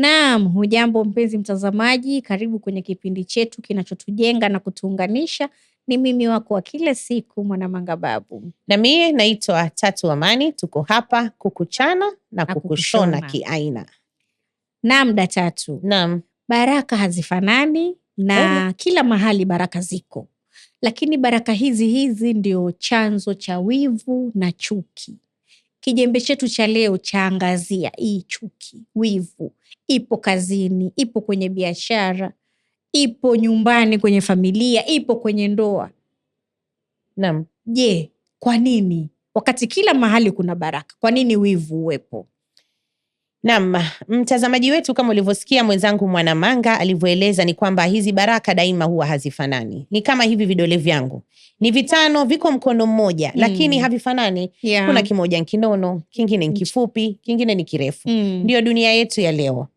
Naam, hujambo mpenzi mtazamaji, karibu kwenye kipindi chetu kinachotujenga na kutuunganisha. Ni mimi wako wa kila siku Mwanamanga Babu, na mie naitwa Tatu Amani. Tuko hapa kukuchana na, na kukushona, kukushona kiaina. Naam da Tatu, naam, baraka hazifanani na oh, kila mahali baraka ziko, lakini baraka hizi hizi ndio chanzo cha wivu na chuki Kijembe chetu cha leo chaangazia hii chuki, wivu, ipo kazini, ipo kwenye biashara, ipo nyumbani, kwenye familia, ipo kwenye ndoa. Naam. Je, kwa nini wakati kila mahali kuna baraka, kwa nini wivu uwepo? Naam, mtazamaji wetu, kama ulivyosikia mwenzangu Mwanamanga alivyoeleza, ni kwamba hizi baraka daima huwa hazifanani. Ni kama hivi vidole vyangu ni vitano, viko mkono mmoja mm. lakini havifanani yeah. Kuna kimoja nkinono, kingine nkifupi, kingine ni kirefu mm. Ndio dunia yetu ya leo,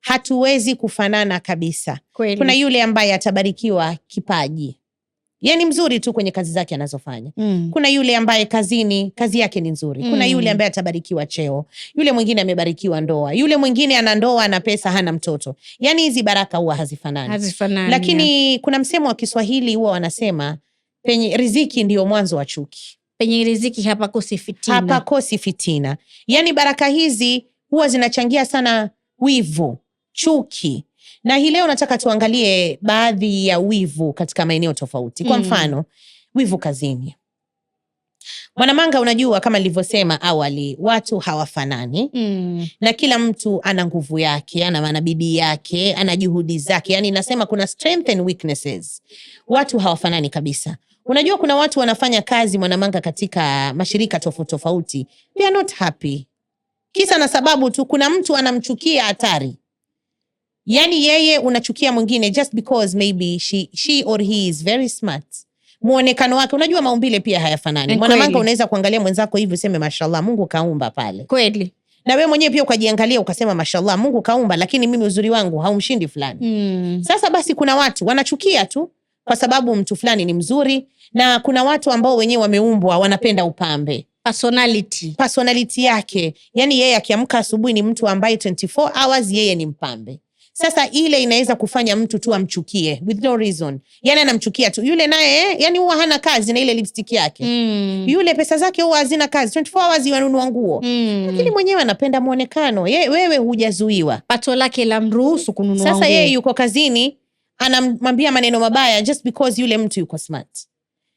hatuwezi kufanana kabisa. Kweli. Kuna yule ambaye atabarikiwa kipaji yani mzuri tu kwenye kazi zake anazofanya. Mm. Kuna yule ambaye kazini kazi yake ni nzuri. mm. Kuna yule ambaye atabarikiwa cheo, yule mwingine amebarikiwa ndoa, yule mwingine ana ndoa na pesa hana mtoto. yani hizi baraka huwa hazifanani. Hazifanani. Lakini ya. kuna msemo wa Kiswahili huwa wanasema penye riziki ndiyo mwanzo wa chuki. Penye riziki hapakosi fitina. Hapakosi fitina. yani baraka hizi huwa zinachangia sana wivu, chuki, na hii leo nataka tuangalie baadhi ya wivu katika maeneo tofauti. Kwa hmm. mfano, mm. wivu kazini. Mwanamanga, unajua kama nilivyosema awali, watu hawafanani mm. na kila mtu ana nguvu yake, ana manabidii yake, ana juhudi zake. Yani nasema kuna strength and weaknesses. Watu hawafanani kabisa. Unajua kuna watu wanafanya kazi Mwanamanga, katika mashirika tofauti tofauti, they are not happy, kisa na sababu tu kuna mtu anamchukia hatari yani yeye unachukia mwingine just because maybe she, she or he is very smart muonekano wake. Unajua maumbile pia hayafanani. Eh, Mwanamanga unaweza kuangalia mwenzako hivi useme mashallah, Mungu kaumba pale kweli, na wewe mwenyewe pia ukajiangalia ukasema mashallah, Mungu kaumba, lakini mimi uzuri wangu haumshindi fulani mm. Sasa basi, kuna watu wanachukia tu kwa sababu mtu fulani ni mzuri, na kuna watu ambao wenyewe wameumbwa wanapenda upambe personality, personality yake. Yani yeye akiamka asubuhi ni mtu ambaye 24 hours yeye ni mpambe sasa ile inaweza kufanya mtu tu amchukie with no reason, yani anamchukia tu yule naye, yani huwa hana kazi na ile lipstick yake mm. Yule pesa zake huwa hazina kazi, 24 hours yanunua nguo mm. Lakini mwenyewe anapenda muonekano ye, wewe hujazuiwa, pato lake la mruhusu kununua. Sasa yeye yuko kazini, anamwambia maneno mabaya just because yule mtu yuko smart.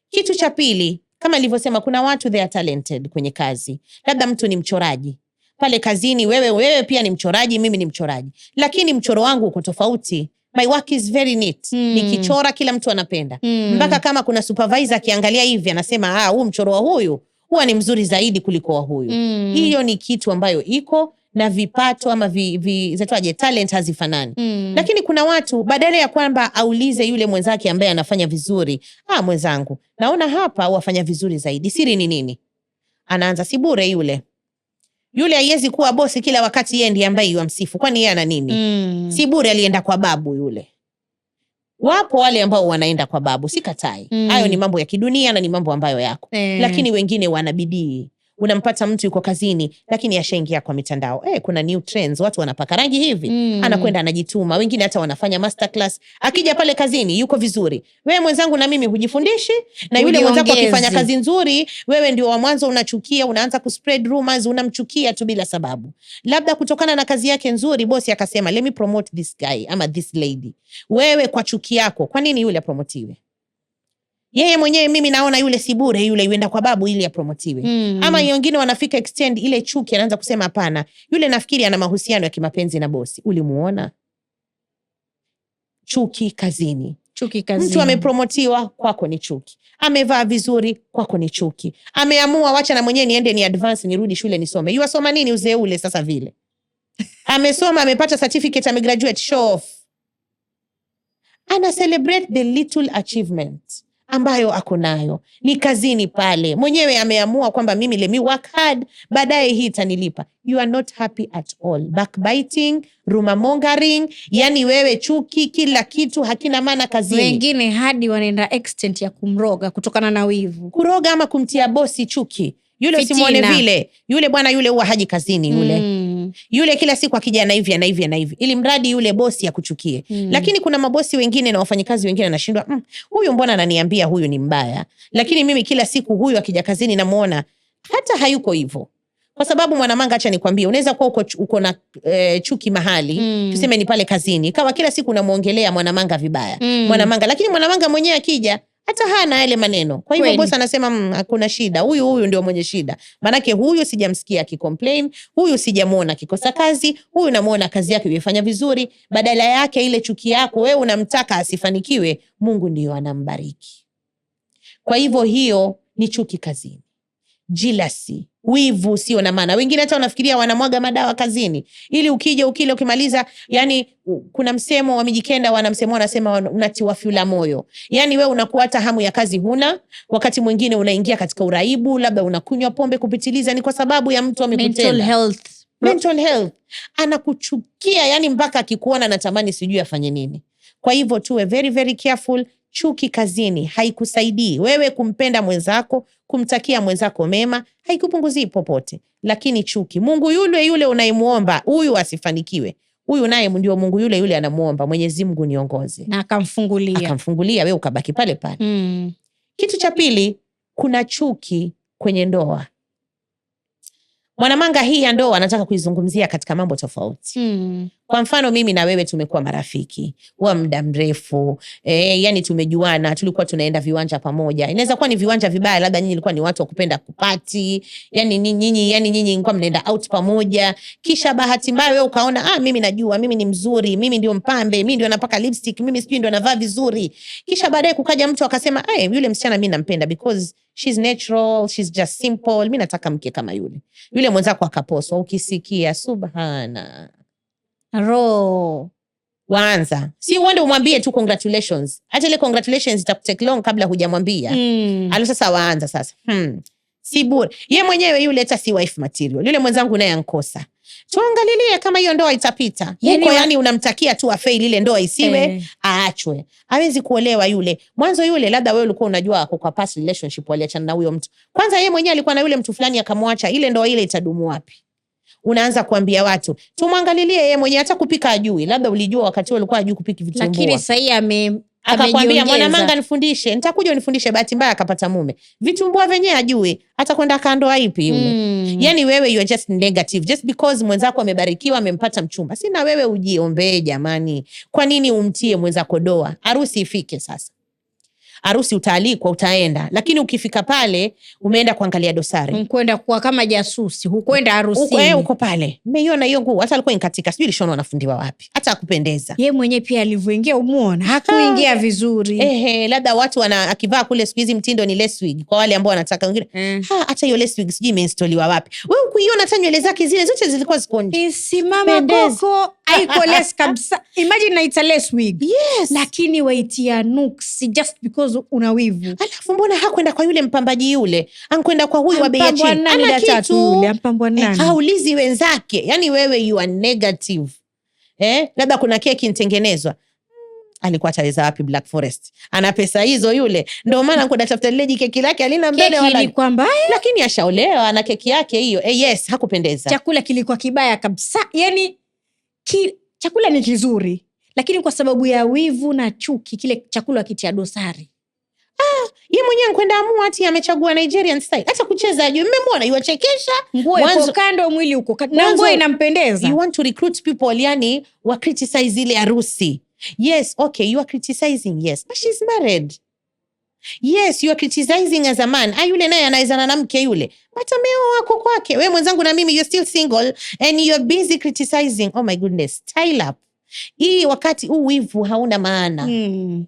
Kitu cha pili, kama nilivyosema, kuna watu they are talented kwenye kazi, labda mtu ni mchoraji pale kazini. Wewe wewe pia ni mchoraji, mimi ni mchoraji, lakini mchoro wangu uko tofauti. My work is very neat. Mm. Nikichora kila mtu anapenda mm. Mpaka kama kuna supervisor akiangalia hivi anasema ah, huu mchoro wa huyu huwa ni mzuri zaidi kuliko wa huyu mm. Hiyo ni kitu ambayo iko na vipato ama vi, vi, zetuaje, talent hazifanani mm. Lakini kuna watu badala ya kwamba aulize yule mwenzake ambaye anafanya vizuri, ah, mwenzangu, naona hapa wafanya vizuri zaidi, siri ni nini? Anaanza si bure yule yule haiwezi kuwa bosi kila wakati yeye ndiye ambaye yuamsifu, kwani yeye ana nini? Mm. Si bure alienda kwa babu yule. Wapo wale ambao wanaenda kwa babu, sikatai. Mm. Hayo mm. ni mambo ya kidunia na ni mambo ambayo yako. Mm. Lakini wengine wana bidii unampata mtu yuko kazini lakini ashaingia kwa mitandao. Eh, kuna new trends, watu wanapaka rangi hivi mm. Anakwenda anajituma, wengine hata wanafanya masterclass. Akija pale kazini yuko vizuri. Wewe mwenzangu, na mimi hujifundishi na yule mwenzako akifanya kazi nzuri, wewe ndio wa mwanzo unachukia, unaanza ku unamchukia tu bila sababu, labda kutokana na kazi yake nzuri. Bosi akasema let me promote this guy ama this lady. Wewe kwa chuki yako, kwa nini yule apromotiwe? yeye mwenyewe mimi naona yule si bure, yule uenda kwa babu ili apromotiwe. mm. Ama wengine wanafika extend ile chuki, anaanza kusema hapana, yule nafikiri ana mahusiano ya kimapenzi na bosi. Ulimuona? Chuki kazini, chuki kazini. Mtu amepromotiwa, kwako ni chuki. Amevaa vizuri, kwako ni chuki. Ameamua wacha na mwenyewe niende ni advance, nirudi shule nisome. Yuasoma nini uzee ule? Sasa vile amesoma, amepata certificate, amegraduate, show off, ana celebrate the little achievement ambayo ako nayo, ni kazini pale, mwenyewe ameamua kwamba mimi let me work hard, baadaye hii itanilipa. You are not happy at all. Backbiting, rumamongering, yani wewe chuki, kila kitu hakina maana kazini. Wengine hadi wanaenda extent ya kumroga kutokana na wivu, kuroga ama kumtia bosi chuki. Yule usimwone vile, yule bwana yule huwa haji kazini yule mm yule kila siku akija na hivi na hivi na hivi, ili mradi yule bosi akuchukie. Mm. Lakini kuna mabosi wengine na wafanyikazi wengine anashindwa, mm, huyu mbona ananiambia huyu ni mbaya, lakini mimi kila siku huyu akija kazini namuona hata hayuko hivyo kwa sababu Mwanamanga, acha nikwambie, unaweza kuwa uko, uko na e, chuki mahali mm. tuseme ni pale kazini, kawa kila siku unamwongelea Mwanamanga vibaya mm. Mwanamanga, lakini Mwanamanga mwenyewe akija hata hana yale maneno. Kwa hivyo bosi anasema mm, hakuna shida, huyu huyu ndio mwenye shida, maanake huyu sijamsikia akicomplain, huyu sijamuona akikosa kazi, huyu namuona kazi yake imefanya vizuri. Badala yake ile chuki yako wewe unamtaka asifanikiwe, Mungu ndiyo anambariki. Kwa hivyo hiyo ni chuki kazini jilasi, wivu usio na maana. Wengine hata wanafikiria wanamwaga madawa kazini, ili ukija ukile, ukimaliza. Yani kuna msemo wa Mijikenda wana msemo wanasema, unatiwa fyula moyo. Yani we unakuwa hata hamu ya kazi huna, wakati mwingine unaingia katika uraibu, labda unakunywa pombe kupitiliza, ni kwa sababu ya mtu amekutenda Mental health anakuchukia, yani mpaka akikuona natamani sijui afanye nini. Kwa hivyo tuwe very very careful Chuki kazini haikusaidii wewe. Kumpenda mwenzako, kumtakia mwenzako mema haikupunguzii popote, lakini chuki, Mungu yule yule unayemwomba huyu asifanikiwe, huyu naye ndio Mungu yule yule anamwomba, Mwenyezi niongoze, akamfungulia, we ukabaki pale pale. Mm. Kitu cha pili, kuna chuki kwenye ndoa. Mwanamanga, hii ya ndoa anataka kuizungumzia katika mambo tofauti. Mm. Kwa mfano mimi na wewe tumekuwa marafiki wa muda mrefu e, yani tumejuana, tulikuwa tunaenda viwanja pamoja. Inaweza kuwa ni viwanja vibaya, labda nyinyi ilikuwa ni watu wa kupenda kupati, yani nyinyi, yani nyinyi ilikuwa mnaenda out pamoja, kisha bahati mbaya wewe ukaona, ah, mimi najua, mimi ni mzuri, mimi ndio mpambe, mimi ndio napaka lipstick, mimi sijui ndio navaa vizuri. Kisha baadaye kukaja mtu akasema, eh, yule msichana mimi nampenda because she's natural, she's just simple, mimi nataka mke kama yule. Yule mwenzako akaposwa, ukisikia subhana waanza si uende umwambie tu congratulations. Hata ile congratulations itakutake long kabla hujamwambia mm. Alo sasa waanza sasa hmm. Si bure ye mwenyewe yule, hata si wife material yule mwenzangu naye ankosa. Tuangalilie kama hiyo ndoa itapita yaani huko yani, yani unamtakia tu afail ile ndoa isiwe eh. Aachwe awezi kuolewa yule mwanzo yule, labda wee ulikuwa unajua ako kwa past relationship waliachana na huyo mtu kwanza, ye mwenyewe alikuwa na yule mtu fulani akamwacha, ile ndoa ile itadumu wapi? unaanza kuambia watu tumwangalilie yeye mwenyewe, hata kupika ajui. Labda ulijua wakati huo alikuwa ajui kupika vitumbua, lakini sasa ame akakwambia Mwanamanga, nifundishe, nitakuja unifundishe. Bahati mbaya akapata mume, vitumbua venyewe ajui, hata kwenda kando aipi Mm. Yani wewe you are just negative just because mwenzako amebarikiwa amempata mchumba, sina wewe ujiombee jamani. Kwa nini umtie mwenzako doa? Harusi ifike sasa harusi utaalikwa, utaenda, lakini ukifika pale umeenda kuangalia dosari, mkwenda kuwa kama jasusi, hukwenda harusi, uko, eh, uko pale. Mmeiona hiyo nguo, hata alikuwa inkatika, sijui lishona wanafundiwa wapi, hata akupendeza yeye mwenyewe. Pia alivyoingia umuona hakuingia ah. vizuri, ehe, labda watu wana akivaa kule siku hizi mtindo ni leswig kwa wale ambao wanataka wengine mm. ha hata hiyo leswig sijui imeinstoliwa wapi, wewe ukuiona hata nywele zake zile zote zilikuwa ziko nje, isimama koko haiko less kabisa, imagine naita leswig yes, lakini waitia nuksi just because mzozo una wivu. Alafu mbona hakwenda kwa yule mpambaji yule, ankwenda kwa huyu wa bei ya chini, ana kitu eh, haulizi wenzake. Yani wewe you are negative eh? Labda kuna keki inatengenezwa mm, alikuwa ataweza wapi? Black Forest ana pesa hizo yule, ndio maana tafuta lileji keki lake alina mbele wala ilikuwa mbaya, lakini ashaolewa na keki yake hiyo. Eh, yes, hakupendeza. Chakula kilikuwa kibaya kabisa, yani ki, chakula ni kizuri, lakini kwa sababu ya wivu na chuki kile chakula kitia dosari. Yeye mwenyewe nkwenda amua ati amechagua Nigerian style. Hata kucheza juu mmemwona yuachekesha. Nguo kando mwili huko. Na nguo inampendeza. You want to recruit people yani wa criticize ile harusi. Yes, okay, you are criticizing. Yes. But she's married. Yes, you are criticizing as a man. Ah, yule naye anaezana na mke yule. But ameoa wako kwake. Wewe mwenzangu na mimi you're still single and you're busy criticizing. Oh my goodness. Style up. Hii wakati huu wivu hauna maana. Mm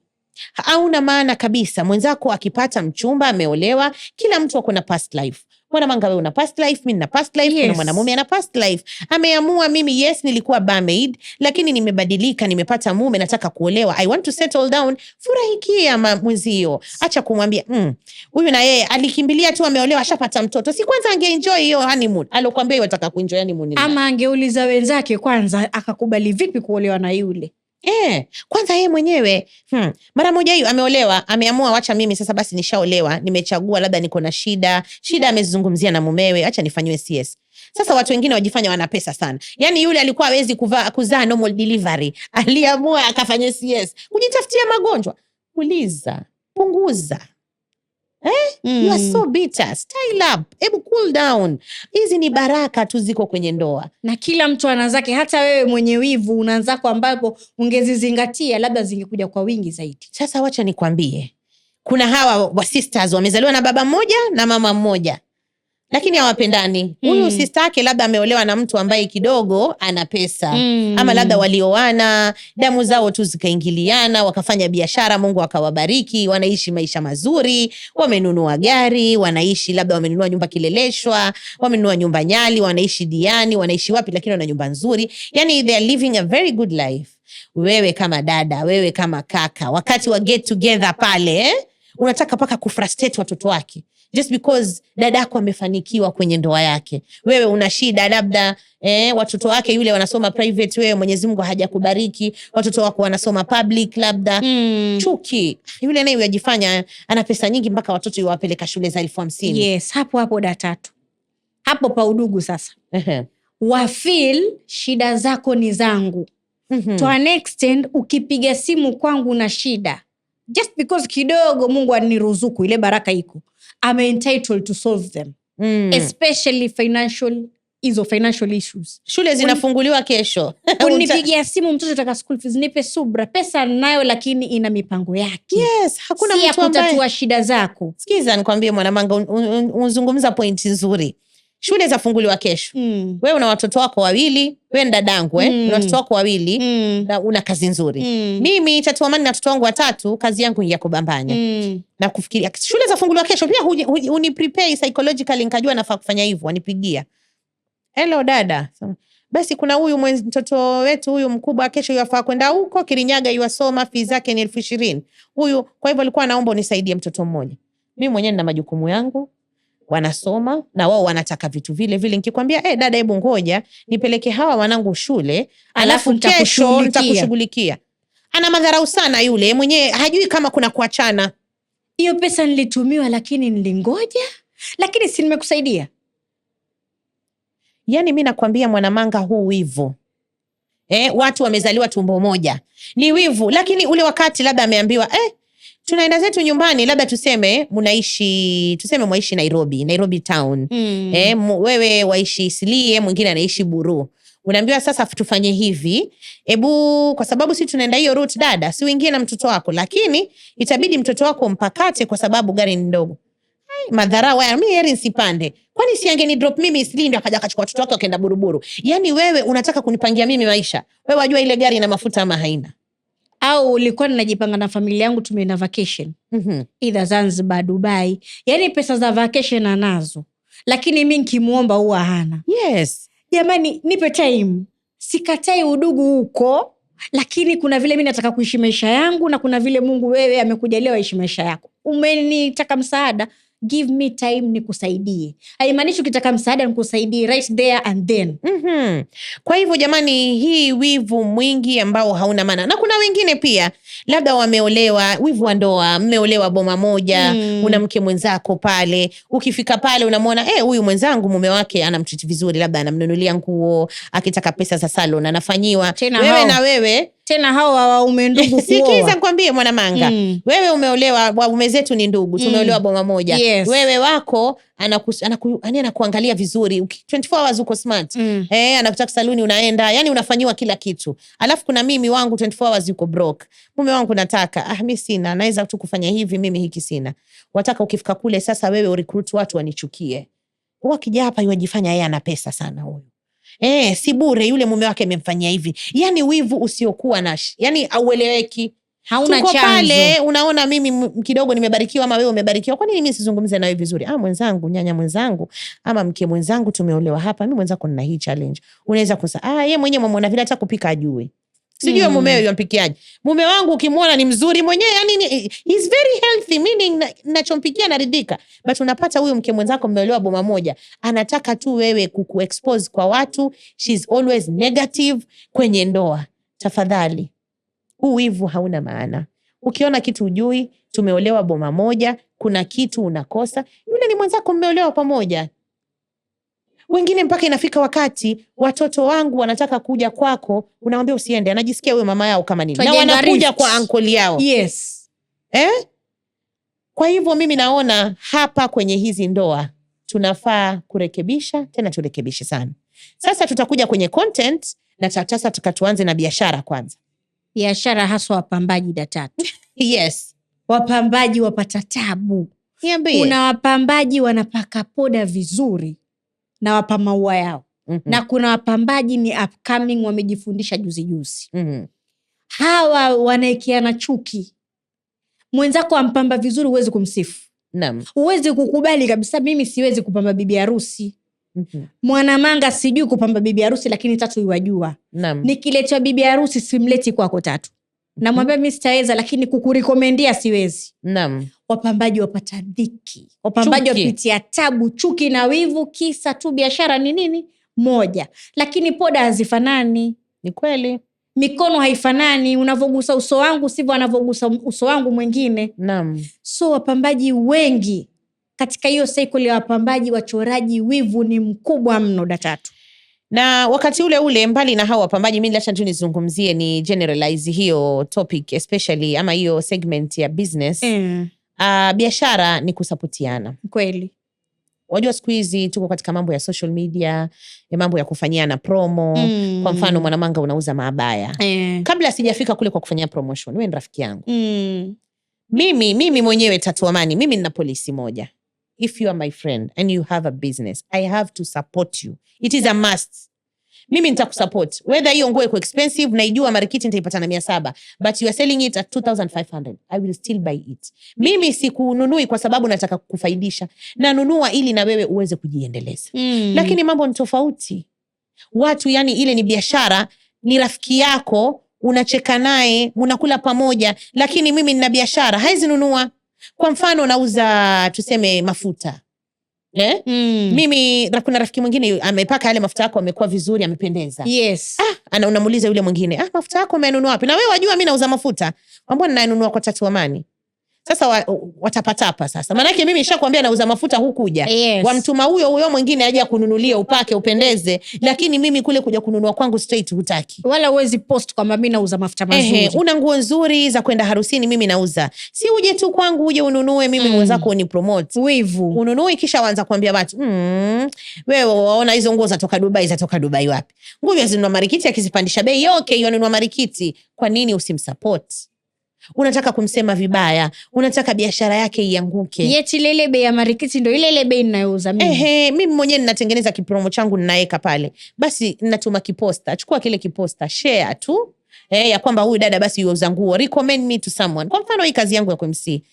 hauna maana kabisa. Mwenzako akipata mchumba, ameolewa, kila mtu ako na past life. Bwana Manga, una past life, mi nina past life, yes. Kuna mwanamume ana past life, ameamua mimi, yes, nilikuwa bamaid lakini nimebadilika, nimepata mume, nataka kuolewa, I want to settle down. Furahikia mwenzio, acha kumwambia mm, huyu mm, na yeye alikimbilia tu, ameolewa, ashapata mtoto. Si kwanza angeenjoy hiyo honeymoon alokwambia wataka kuenjoy honeymoon, ama angeuliza wenzake kwanza, akakubali vipi kuolewa na yule Eh, kwanza yeye mwenyewe hmm. Mara moja hiyo ameolewa, ameamua wacha mimi sasa basi nishaolewa, nimechagua labda niko na shida shida, mm. amezungumzia na mumewe, acha nifanyiwe CS. Sasa watu wengine wajifanya wana pesa sana, yaani yule alikuwa hawezi kuzaa normal delivery, aliamua akafanya CS kujitafutia magonjwa. Uliza punguza. Eh? Mm. so bitter. up. cool down. Hizi ni baraka tu ziko kwenye ndoa, na kila mtu ana zake. Hata wewe mwenye wivu unanzako ambapo ungezizingatia, labda zingekuja kwa wingi zaidi. Sasa wacha nikwambie, kuna hawa wa sisters wamezaliwa na baba mmoja na mama mmoja lakini hawapendani. Huyu mm. sista yake labda ameolewa na mtu ambaye kidogo ana pesa mm. ama labda walioana damu zao tu zikaingiliana, wakafanya biashara, Mungu akawabariki, wanaishi maisha mazuri, wamenunua gari, wanaishi labda, wamenunua nyumba Kileleshwa, wamenunua nyumba Nyali, wanaishi Diani, wanaishi wapi, lakini wana nyumba nzuri, yani they are living a very good life. Wewe kama dada, wewe kama kaka, wakati wa get together pale eh? unataka mpaka kufrustrate watoto wake just because dadako amefanikiwa kwenye ndoa yake, wewe una shida labda eh, watoto wake yule wanasoma private, wewe Mwenyezi Mungu hajakubariki watoto wako wanasoma public labda mm. Chuki yule naye yajifanya ana pesa nyingi mpaka watoto iwapeleka shule za elfu hamsini. Yes, hapo hapo da tatu hapo pa udugu sasa. Wafil shida zako ni zangu. mm -hmm. To an extent, ukipiga simu kwangu na shida just because kidogo Mungu aniruzuku ile baraka iko I'm entitled to solve them mm. especially financial hizo financial issues. Shule zinafunguliwa kesho. Unipigia simu mtoto taka school fees, nipe subra. Pesa nayo, lakini ina mipango yake. Yes, hakuna mtu ambaye kutatua shida zako. Sikiza nikwambie, Mwanamanga, unzungumza pointi nzuri shule zafunguliwa kesho mm. Wewe una watoto wako wawili, wewe ni dadangu eh? mm. Una watoto wako wawili mm. na una kazi nzuri mm. Mimi tatuamani na watoto wangu watatu, kazi yangu ni ya kubambanya mm. na kufikiria shule zafunguliwa kesho. Pia uni prepare psychologically, nikajua nafaa kufanya hivyo. Wanipigia, hello dada, basi kuna huyu mtoto wetu huyu mkubwa, kesho yafaa kwenda huko Kirinyaga, yuwasoma fee zake ni elfu ishirini huyu. Kwa hivyo alikuwa anaomba unisaidie mtoto mmoja. Mimi mwenyewe nina majukumu yangu wanasoma na wao wanataka vitu vile vile. Nikikwambia eh, dada, hebu ngoja nipeleke hawa wanangu shule, alafu kesho nitakushughulikia, ana madharau sana yule mwenyewe, hajui kama kuna kuachana. Hiyo pesa nilitumiwa, lakini nilingoja, lakini si nimekusaidia. Yani mi nakwambia Mwanamanga, huu wivu eh, watu wamezaliwa tumbo moja, ni wivu. Lakini ule wakati labda ameambiwa eh, tunaenda zetu nyumbani, labda tuseme mnaishi tuseme mwaishi Nairobi, Nairobi town mm. E, wewe waishi Isilie, mwingine anaishi Buru, unaambiwa sasa tufanye hivi, ebu kwa sababu si tunaenda hiyo rut dada, si uingie na mtoto wako, lakini itabidi mtoto wako mpakate kwa sababu gari ni ndogo. Madhara haya mimi heri nisipande. Kwani si angeni drop mimi Isli ndio akaja kachukua watoto wake akaenda Buruburu? yani wewe unataka kunipangia mimi maisha? Wewe wajua ile gari ina mafuta ama haina? au ulikuwa ninajipanga na familia yangu tumeenda vacation mm-hmm. Either Zanzibar, Dubai, yaani pesa za vacation anazo, lakini mi nkimwomba huwa hana. Yes jamani, nipe time. Sikatai udugu huko, lakini kuna vile mi nataka kuishi maisha yangu na kuna vile Mungu wewe amekujalia waishi maisha yako. Umenitaka msaada give me time nikusaidie. Haimaanishi ukitaka msaada nikusaidie right there and then. mm -hmm. Kwa hivyo jamani, hii wivu mwingi ambao hauna maana, na kuna wengine pia labda wameolewa, wivu wa ndoa, mmeolewa boma moja mm. una mke mwenzako pale, ukifika pale unamwona eh, huyu, eh, mwenzangu mume wake anamtriti vizuri, labda anamnunulia nguo, akitaka pesa za salon anafanyiwa, wewe na wewe tena hawa waume ndugu. Sikiza nikwambie, Mwanamanga mm. wewe umeolewa, waume zetu ni ndugu, mm. tumeolewa boma moja yes. Wewe wako anaku, anaku, anakuangalia vizuri 24 hours uko smart mm. eh, anakutaka saluni unaenda, yani unafanyiwa kila kitu, alafu kuna mimi wangu 24 hours yuko broke. Mume wangu nataka, ah, mimi sina, naweza tu kufanya hivi, mimi hiki sina. Wataka ukifika kule sasa, wewe urecruit watu wanichukie, wakija hapa, yajifanya yeye ana pesa sana huyu eh, si bure yule mume wake amemfanyia hivi. Yani wivu usiokuwa na yani aueleweki. pale, unaona mimi kidogo nimebarikiwa ama wewe umebarikiwa. Kwa nini sizungumze nawe vizuri? Ah, mwenzangu, nyanya mwenzangu, ama mke mwenzangu, tumeolewa hapa. mi mwenzako nina hii challenge, unaweza kusa. Ah, ye mwenyewe mwamwona vile hata kupika ajue sijui mm. Mumeo yampikiaje? Mume wangu ukimwona ni mzuri mwenyewe, yani is very healthy meaning, nachompikia na naridhika, but unapata huyu mke mwenzako mmeolewa boma moja, anataka tu wewe kukuexpose kwa watu, she's always negative kwenye ndoa. Tafadhali, huu wivu hauna maana. Ukiona kitu ujui, tumeolewa boma moja, kuna kitu unakosa. Yule ni mwenzako, mmeolewa pamoja. Wengine mpaka inafika wakati watoto wangu wanataka kuja kwako, unawambia usiende, anajisikia huyo mama yao kama nini, na wanakuja kwa ankoli yao yes. Eh? Kwa hivyo mimi naona hapa kwenye hizi ndoa tunafaa kurekebisha, tena turekebishe sana. Sasa tutakuja kwenye content na sasa tukatuanze na biashara kwanza, biashara haswa wapambaji datatu yes, wapambaji wapata tabu. Niambie, kuna wapambaji wanapaka poda vizuri na maua yao mm -hmm. na kuna wapambaji ni upcoming wamejifundisha juzi juzi mm -hmm. hawa wanaekeana chuki. Mwenzako ampamba vizuri, huwezi kumsifu, huwezi kukubali kabisa. Mimi siwezi kupamba bibi harusi Mm -hmm. Mwanamanga sijui kupamba bibi harusi, lakini Tatu iwajua. Nikiletewa bibi harusi simleti kwako Tatu, Mhm. namwambia mi sitaweza, lakini kukurikomendia siwezi. Wapambaji wapata dhiki, wapambaji wapitia tabu, chuki na wivu, kisa tu biashara ni nini? Moja. Lakini poda hazifanani. Ni kweli, mikono haifanani, unavyogusa uso wangu sivyo anavyogusa uso wangu mwingine. So wapambaji wengi katika hiyo sikl ya wapambaji wachoraji, wivu ni mkubwa mno. Datatu na wakati ule ule, mbali na hao wapambaji, mimi acha tu nizungumzie ni generalize hiyo topic especially ama hiyo segment ya business mm. Uh, biashara ni kusapotiana kweli. Wajua siku hizi tuko katika mambo ya social media, ya mambo ya kufanyiana promo mm. Kwa mfano Mwanamanga unauza mabaya mm. Kabla sijafika kule kwa kufanyia promotion, wewe ni rafiki yangu mm. Mimi mimi mwenyewe Tatu Amani, mimi nina polisi moja if you are my friend and you have a business, I have to support you. It is a must. Mimi nitakusupport. Whether hiyo nguo iko expensive, naijua marikiti nitaipata na mia saba, but you are selling it at 2500. I will still buy it. Mimi sikununui kwa sababu nataka kukufaidisha. Nanunua ili na wewe uweze kujiendeleza. Mm. Lakini mambo ni tofauti. Watu yani, ile ni biashara, ni rafiki yako, unacheka naye, mnakula pamoja, lakini mimi nina biashara, haizinunua kwa mfano nauza tuseme mafuta eh? mm. Mimi kuna rafiki mwingine amepaka yale mafuta yako amekuwa vizuri, amependeza yes. Ah, unamuliza yule mwingine ah, mafuta yako umenunua wapi? Na wewe wajua mi nauza mafuta, ambona nanunua kwa Tatu Amani sasa wa, watapata hapa sasa, maanake mimi nishakwambia nauza mafuta hukuja, yes. Wamtuma huyo huyo mwingine aje kununulia upake upendeze, lakini mimi kule kuja kununua kwangu straight hutaki, wala uwezi post kwamba mimi nauza mafuta mazuri. Ehe, una nguo nzuri za kwenda harusini, mimi nauza, si uje tu kwangu uje ununue mimi mm. mwenzako mm. ni promote wivu, ununue kisha waanza kuambia watu mm, wewe waona hizo nguo zatoka Dubai, zatoka Dubai wapi? Nguo zinunua marikiti, akizipandisha bei okay, yanunua marikiti. Kwa nini usimsupport? unataka kumsema vibaya, unataka biashara yake ianguke. Yeti lele bei ya marikiti ndo ile ile bei ninayouza mimi. Ehe, mimi mwenyewe ninatengeneza kipromo changu ninaweka pale, basi natuma kiposta. Chukua kile kiposta, share tu eh, ya kwamba huyu dada basi yuuza nguo, recommend me to someone. Kwa mfano hii kazi yangu ya kumsi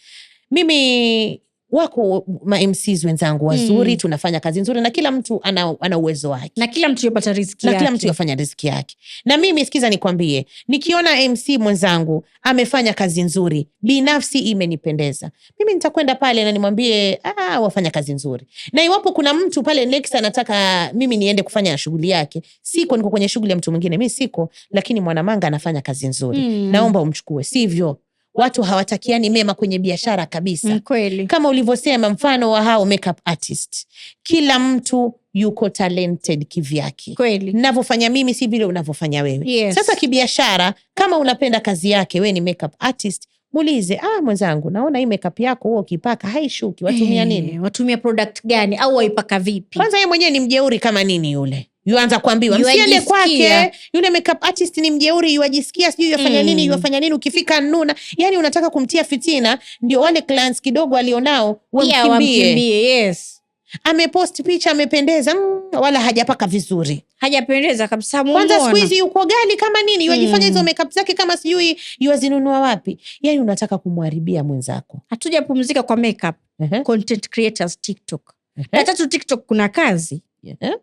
mimi wako ma wenzangu hmm. wazuri mm. tunafanya kazi nzuri na kila mtu ana, ana uwezo wake na kila mtu yopata riski na yake. kila mtu yafanya riziki yake. Na mimi skiza nikwambie, nikiona MC mwenzangu amefanya kazi nzuri binafsi imenipendeza mimi, nitakwenda pale na nimwambie ah, wafanya kazi nzuri. Na iwapo kuna mtu pale next anataka mimi niende kufanya shughuli yake, siko, niko kwenye shughuli ya mtu mwingine, mi siko, lakini Mwanamanga anafanya kazi nzuri mm. naomba umchukue, sivyo watu hawatakiani mema kwenye biashara kabisa. Mkweli. Kama ulivyosema mfano wa hao makeup artist, kila mtu yuko talented kivyake. navyofanya mimi si vile unavyofanya wewe. Yes. Sasa kibiashara, kama unapenda kazi yake, we ni makeup artist Muulize, ah, mwenzangu, naona hii makeup yako huo ukipaka haishuki, watumia eh, nini? Watumia product gani au waipaka vipi? Kwanza mwenyewe ni mjeuri kama nini yule yuanza kuambiwa msiende kwake, yule makeup artist ni mjeuri, yuwajisikia sijui yafanya mm. nini yuwafanya nini. Ukifika Nuna yani unataka kumtia fitina, ndio wale clients kidogo alionao wamkimbie, wamkimbie. Yes, amepost picha amependeza, mm, wala hajapaka vizuri, hajapendeza kabisa. Kwanza siku hizi yuko gali kama nini, mm. yuajifanya hizo mm. makeup zake kama sijui yuwazinunua wapi. Yani unataka kumharibia mwenzako. Hatujapumzika kwa makeup uh -huh. content creators TikTok uh -huh. na tatu TikTok kuna kazi uh -huh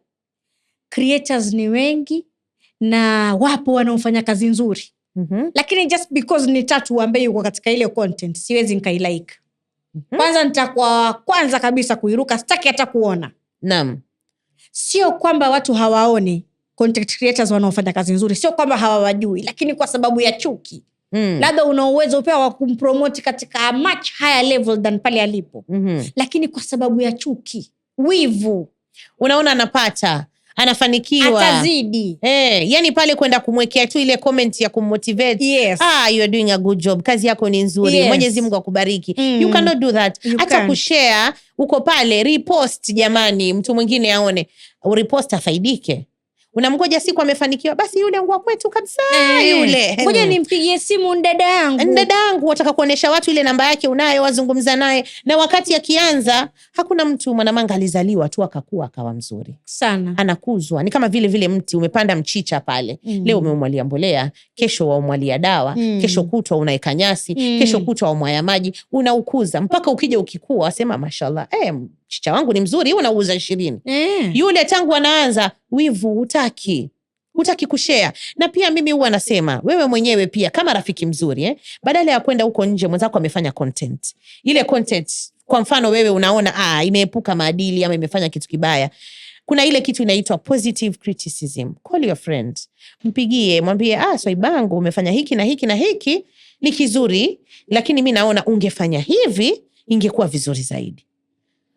creators ni wengi na wapo wanaofanya kazi nzuri mm -hmm. Lakini just because ni tatu ambaye yuko katika ile content siwezi nkailike mm -hmm. Kwanza nitakuwa kwanza kabisa kuiruka, sitaki hata kuona. Naam, sio kwamba watu hawaoni content creators wanaofanya kazi nzuri, sio kwamba hawawajui, lakini kwa sababu ya chuki Mm. Labda una uwezo pia wa kumpromoti katika much higher level than pale alipo mm -hmm. Lakini kwa sababu ya chuki, wivu, unaona anapata anafanikiwa atazidi. Eh, yani pale kwenda kumwekea tu ile comment ya kummotivate. Yes. Ah, you are doing a good job. Kazi yako ni nzuri. Yes. Mwenyezi Mungu akubariki. Mm. You cannot do that. Hata kushare uko pale repost jamani, mtu mwingine aone. Repost afaidike unamgoja siku amefanikiwa, basi yule nguo kwetu kabisa hey, eh. yule ngoja hmm. nimpigie simu ndada yangu, ndada yangu, wataka kuonesha watu ile namba yake unayo, wazungumza naye. Na wakati akianza, hakuna mtu Mwanamanga alizaliwa tu akakuwa akawa mzuri sana, anakuzwa. Ni kama vile vile mti umepanda mchicha pale mm. Leo umeumwalia mbolea, kesho waumwalia dawa mm. Kesho kutwa unaeka nyasi mm. Kesho kutwa waumwaya maji, unaukuza mpaka ukija ukikua wasema mashallah eh, mchicha wangu ni mzuri, huu nauza ishirini. eh. Yule tangu anaanza wivu, hutaki hutaki kushea. Na pia mimi huwa nasema wewe mwenyewe pia kama rafiki mzuri eh, badala ya kwenda huko nje, mwenzako amefanya content, ile content kwa mfano wewe unaona ah, imeepuka maadili ama imefanya kitu kibaya kuna ile kitu inaitwa positive criticism. Call your friend, mpigie, mwambie ah, swaibangu umefanya hiki na hiki na hiki ni kizuri, lakini mi naona ungefanya hivi, ingekuwa vizuri zaidi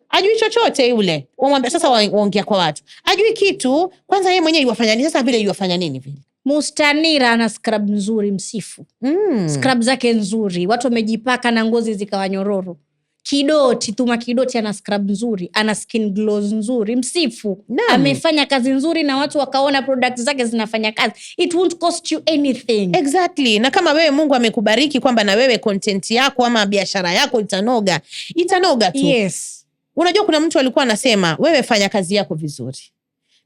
ajui chochote yule, wamwambia sasa, waongea kwa watu, ajui kitu. Kwanza yee mwenyewe iwafanya nini? Sasa vile iwafanya nini vile Mustanira ana scrub nzuri msifu. Mm. Scrub zake nzuri. Watu wamejipaka na ngozi zikawa nyororo. Kidoti Tuma Kidoti ana scrub nzuri, ana skin glow nzuri msifu. Nani? Amefanya kazi nzuri na watu wakaona products zake zinafanya kazi. It won't cost you anything. Exactly. Na kama wewe Mungu amekubariki kwamba na wewe kontenti yako ama biashara yako itanoga, itanoga tu. Yes. Unajua kuna mtu alikuwa anasema wewe fanya kazi yako vizuri,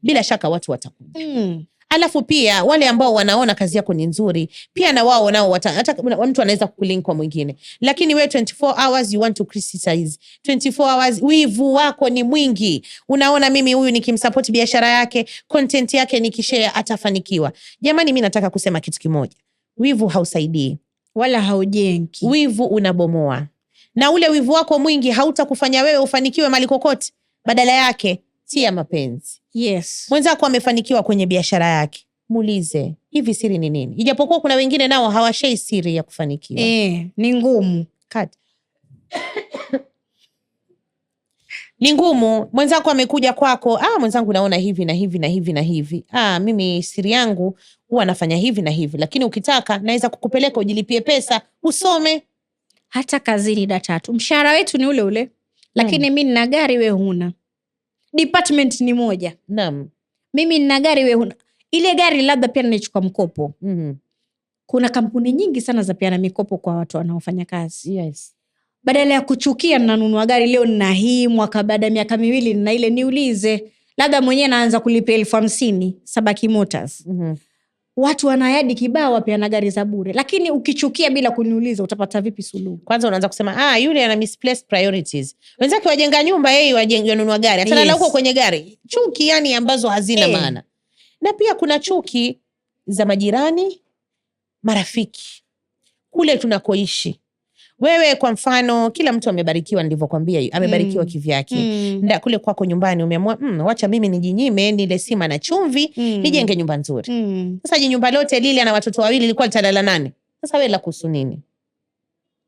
bila shaka watu watakuja mm. Alafu pia wale ambao wanaona kazi yako ni nzuri pia na wao nao hata mtu anaweza kukulink kwa mwingine, lakini wewe 24 hours you want to criticize 24 hours, wivu wako ni mwingi. Unaona mimi huyu nikimsupport biashara yake, content yake nikishare atafanikiwa. Jamani, mimi nataka kusema kitu kimoja, wivu hausaidii wala haujengi, wivu unabomoa na ule wivu wako mwingi hautakufanya wewe ufanikiwe mali kokote, badala yake tia mapenzi. Yes. Mwenzako amefanikiwa kwenye biashara yake, muulize hivi siri ni nini, ijapokuwa kuna wengine nao hawashei siri ya kufanikiwa. E, ni ngumu ni ngumu. Mwenzako amekuja kwako, ah, mwenzangu naona hivi na hivi na hivi na hivi, ah, mimi siri yangu huwa nafanya hivi na hivi, lakini ukitaka naweza kukupeleka ujilipie pesa usome hata kazini da tatu, mshahara wetu ni ule ule, lakini mm. mi nina gari, we huna. Department ni moja naam, mimi nina gari, we huna. Ile gari labda pia nachukua mkopo mm-hmm. Kuna kampuni nyingi sana za peana mikopo kwa watu wanaofanya kazi yes. Badala ya kuchukia nanunua gari leo nna hii, mwaka baada ya miaka miwili nna ile, niulize labda mwenyewe naanza kulipia elfu hamsini Sabaki Motors mm-hmm watu wanayadi kibao wapeana gari za bure, lakini ukichukia bila kuniuliza utapata vipi suluhu? Kwanza unaanza kusema ah, yule ana misplaced priorities, wenzake wajenga nyumba, yeye wanunua gari, atalala huko yes, kwenye gari. Chuki yani ambazo hazina hey, eh. maana. Na pia kuna chuki za majirani, marafiki, kule tunakoishi wewe kwa mfano, kila mtu amebarikiwa, nilivyokwambia amebarikiwa mm. kivyake mm. nda kule kwako nyumbani umeamua mm, wacha mimi nijinyime nile sima na chumvi mm. nijenge nyumba nzuri mm. sasa nyumba lote lile ana watoto wawili lilikuwa litalala nane? Sasa wewe la kuhusu nini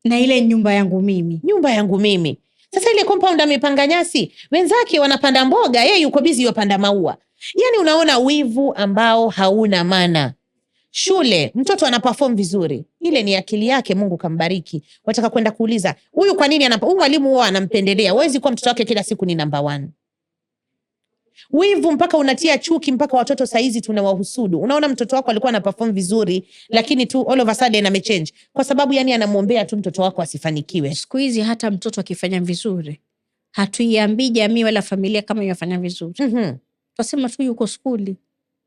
na ile nyumba yangu mimi, nyumba yangu mimi? Sasa ile compound amepanga nyasi, wenzake wanapanda mboga, yeye yuko bizi yopanda maua. Yani unaona wivu ambao hauna maana. Shule mtoto ana perform vizuri, ile ni akili yake, Mungu kambariki. Wataka kwenda kuuliza huyu kwa nini huyu mwalimu huo anampendelea. Huwezi kuwa mtoto wake kila siku ni namba one. Wivu mpaka unatia chuki, mpaka watoto saizi tunawahusudu. Unaona mtoto wako alikuwa ana perform vizuri, lakini tu all of a sudden amechange kwa sababu yani anamwombea tu mtoto wako asifanikiwe. Siku hizi hata mtoto akifanya vizuri hatuiambii jamii wala familia kama imefanya vizuri mm -hmm. Twasema tu yuko skuli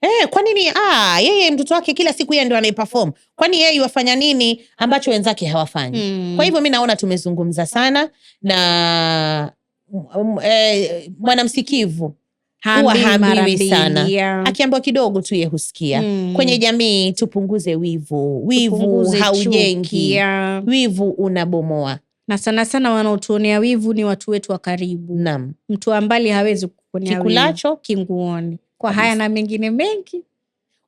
Eh, kwa nini ah, yeye mtoto wake kila siku yeye ndio anaiperform. Kwani yeye iwafanya nini ambacho wenzake hawafanyi? Mm. Kwa hivyo mi naona tumezungumza sana na mm, eh, mwanamsikivu huwa hambiwi sana yeah. Akiambiwa kidogo tu yehusikia mm. Kwenye jamii tupunguze wivu, wivu haujengi yeah. Wivu unabomoa na sana sana wanaotuonea wivu ni watu wetu wa karibu. Mtu ambali hawezi kukuonea kinguoni kwa haya na mengine mengi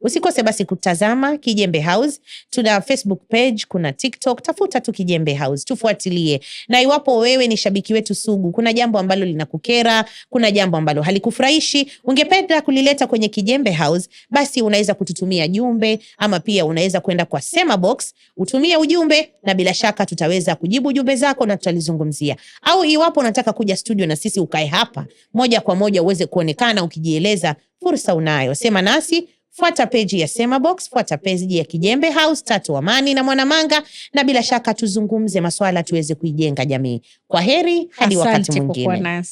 Usikose basi kutazama Kijembe House. Tuna Facebook page, kuna TikTok, tafuta tu Kijembe House, tufuatilie. Na iwapo wewe ni shabiki wetu sugu, kuna jambo ambalo linakukera, kuna jambo ambalo halikufurahishi, ungependa kulileta kwenye Kijembe House, basi unaweza kututumia jumbe, ama pia unaweza kwenda kwa Sema Box, utumie ujumbe na bila shaka tutaweza kujibu jumbe zako na tutalizungumzia. Au iwapo unataka kuja studio na sisi ukae hapa moja kwa moja uweze kuonekana ukijieleza, fursa unayo. Sema nasi Fuata peji ya Semabox, fuata peji ya Kijembe House, Tatu Amani na Mwanamanga, na bila shaka tuzungumze maswala tuweze kuijenga jamii. Kwa heri hadi wakati mwingine.